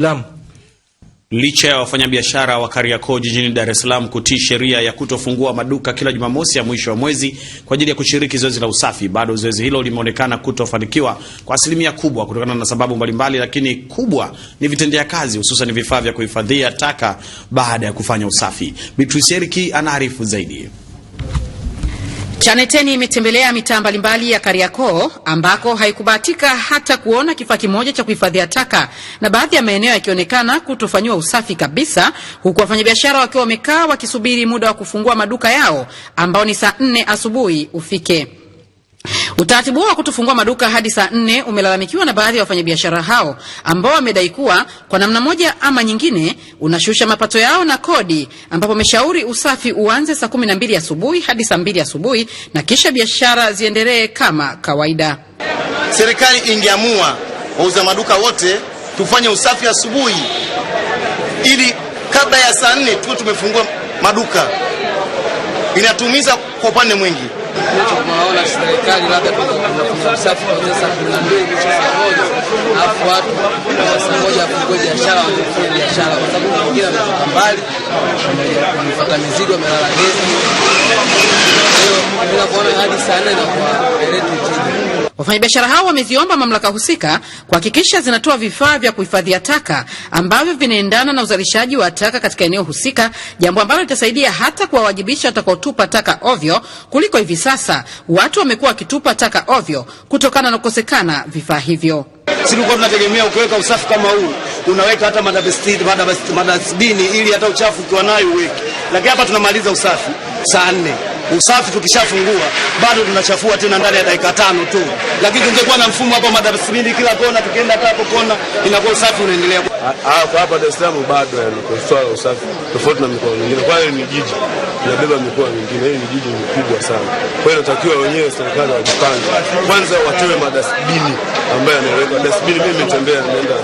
Naam. Licha ya wafanyabiashara wa Kariakoo jijini Dar es Salaam kutii sheria ya kutofungua maduka kila Jumamosi ya mwisho wa mwezi kwa ajili ya kushiriki zoezi la usafi, bado zoezi hilo limeonekana kutofanikiwa kwa asilimia kubwa kutokana na sababu mbalimbali, lakini kubwa ni vitendea kazi, hususan vifaa vya kuhifadhia taka baada ya kufanya usafi. Beatrice Eriki anaarifu zaidi. Chaneteni imetembelea mitaa mbalimbali ya Kariakoo ambako haikubahatika hata kuona kifaa kimoja cha kuhifadhia taka na baadhi ya maeneo yakionekana kutofanyiwa usafi kabisa, huku wafanyabiashara wakiwa wamekaa wakisubiri muda wa kufungua maduka yao ambao ni saa nne asubuhi ufike. Utaratibu huo wa kutofungua maduka hadi saa nne umelalamikiwa na baadhi ya wafanyabiashara hao ambao wamedai kuwa kwa namna moja ama nyingine unashusha mapato yao na kodi, ambapo wameshauri usafi uanze saa kumi na mbili asubuhi hadi saa mbili asubuhi na kisha biashara ziendelee kama kawaida. Serikali ingeamua wauza maduka wote tufanye usafi asubuhi, ili kabla ya saa nne tuwe tumefungua maduka. Inatumiza kwa upande mwingi tunaona serikali labda usafi kuanzia saa kumi na mbili kuisha saa moja alafu watu saa moja wafungue biashara, wafanye biashara, kwa sababu wengine wametoka mbali, wamefuata mizigo, wamelala gesi. Kwa hiyo bila kuona hadi saa nne inakuwa eleti chini Wafanyabiashara hao wameziomba mamlaka husika kuhakikisha zinatoa vifaa vya kuhifadhia taka ambavyo vinaendana na uzalishaji wa taka katika eneo husika, jambo ambalo litasaidia hata kuwawajibisha watakaotupa taka ovyo kuliko hivi sasa watu wamekuwa wakitupa taka ovyo kutokana na kukosekana vifaa hivyo. Sisi tunategemea ukiweka usafi kama huu unaweka hata madasbini ili hata uchafu ukiwa nayo uweke, lakini hapa tunamaliza usafi saa nne. Usafi tukishafungua bado tunachafua tena ndani ya dakika tano tu, lakini tungekuwa na mfumo hapa madarasini, kila kona, tukienda hapo kona inakuwa usafi unaendelea. hapo ah, ah, hapa Dar es Salaam bado swala la usafi tofauti na mikoa mingine, kwa hiyo ni jiji inabeba mikoa mingine. Hii ni jiji mikubwa sana, kwa hiyo inatakiwa wenyewe serikali wajipange kwanza, watoe madasbini ambayo yanaweka dasbini. Mimi nimetembea nimeenda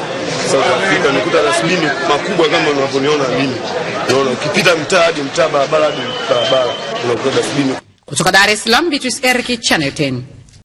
South Africa nikuta dasbini makubwa kama unavyoniona mimi, unaona ukipita mtaa hadi mtaa, barabara hadi barabara kutoka Dar es Salaam, Beatrice Eric, Channel 10.